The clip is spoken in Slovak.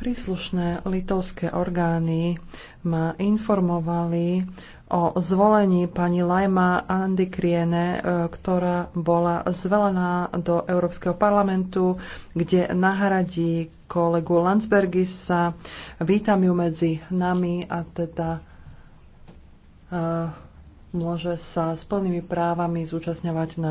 Príslušné litovské orgány ma informovali o zvolení pani Lajma Andikriene, e, ktorá bola zvelená do Európskeho parlamentu, kde nahradí kolegu Landsbergisa. Vítam ju medzi nami a teda e, môže sa s plnými právami zúčastňovať na